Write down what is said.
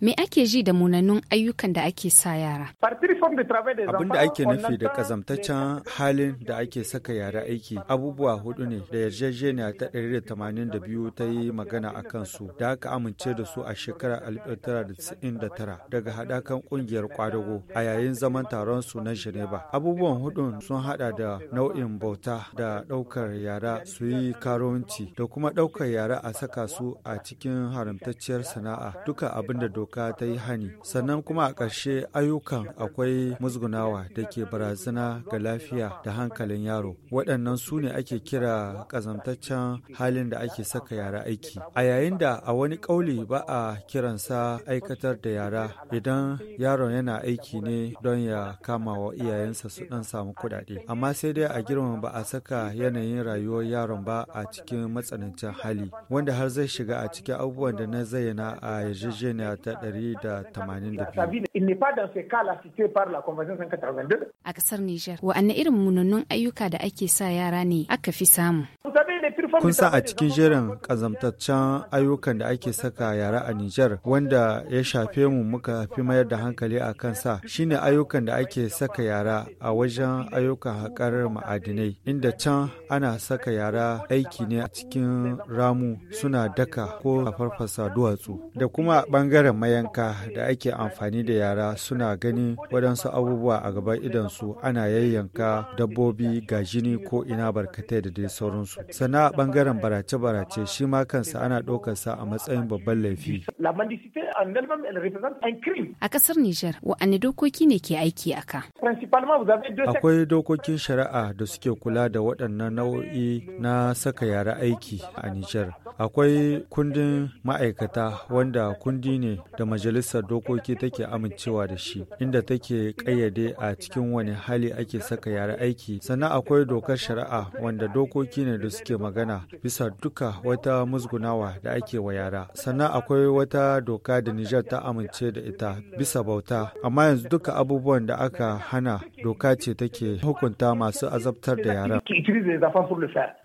Me ake ji da munannun ayyukan da ake sa yara? Abin da ake nufi da kazamtaccen halin da ake saka yara aiki abubuwa hudu ne da yarjejeniya ta 182 ta yi magana a kansu da aka amince da su a shekarar 1999 daga haɗakan ƙungiyar kwadago a yayin zaman taron su na Geneva. Abubuwan hudun sun haɗa da nau'in bauta da ɗaukar yara su yi karuwanci da kuma ɗaukar yara a saka su a cikin haramtacciyar sana'a duka abin da doka ta yi hani sannan kuma a ƙarshe ayyukan akwai musgunawa da ke barazana ga lafiya da hankalin yaro waɗannan su ne ake kira ƙazamtaccen halin da ake saka yara aiki a yayin da a wani ƙauli ba a kiransa aikatar da yara idan yaron yana aiki ne don ya kama wa iyayensa su ɗan samu kuɗaɗe amma sai dai a girma ba a saka yanayin rayuwar yaron ba a cikin matsanancin hali wanda har zai shiga a cikin abubuwan da na zayyana a yarjejeniya ta 182. A kasar Nijar, wa'anne irin munannun ayyuka da ake sa yara ne aka fi samu? Kun sa a cikin jerin kazamtaccen ayyukan da ake saka yara a Nijar wanda ya shafe mu muka fi mayar da hankali a kansa shine ayyukan da ake saka yara a wajen ayyukan haƙar ma'adinai inda can ana saka yara aiki ne a cikin ramu suna daka ko farfasa duwatsu da kuma ɓangaren mayanka da ake amfani da yara suna ganin wadansu abubuwa a gaban idansu ana yayyanka dabbobi ga jini ko ina barkatai da dai sauransu. sana'a. bangaren barace-barace shi ma kansa ana ɗaukarsa a matsayin babban laifi. A ƙasar Nijar, wa'anne dokoki ne ke aiki a ka? Akwai dokokin shari'a da suke kula da waɗannan nau'i na saka yara aiki a Nijar. Akwai kundin ma'aikata wanda kundi ne da majalisar dokoki take amincewa da shi, inda take ƙayyade a cikin wani hali ake saka yara aiki. Sannan akwai dokar shari'a wanda dokoki ne da suke magana magana bisa duka wata musgunawa da ake wa yara sannan akwai wata doka da Nijar ta amince da ita bisa bauta amma yanzu duka abubuwan da aka hana doka ce take hukunta masu azabtar da yara.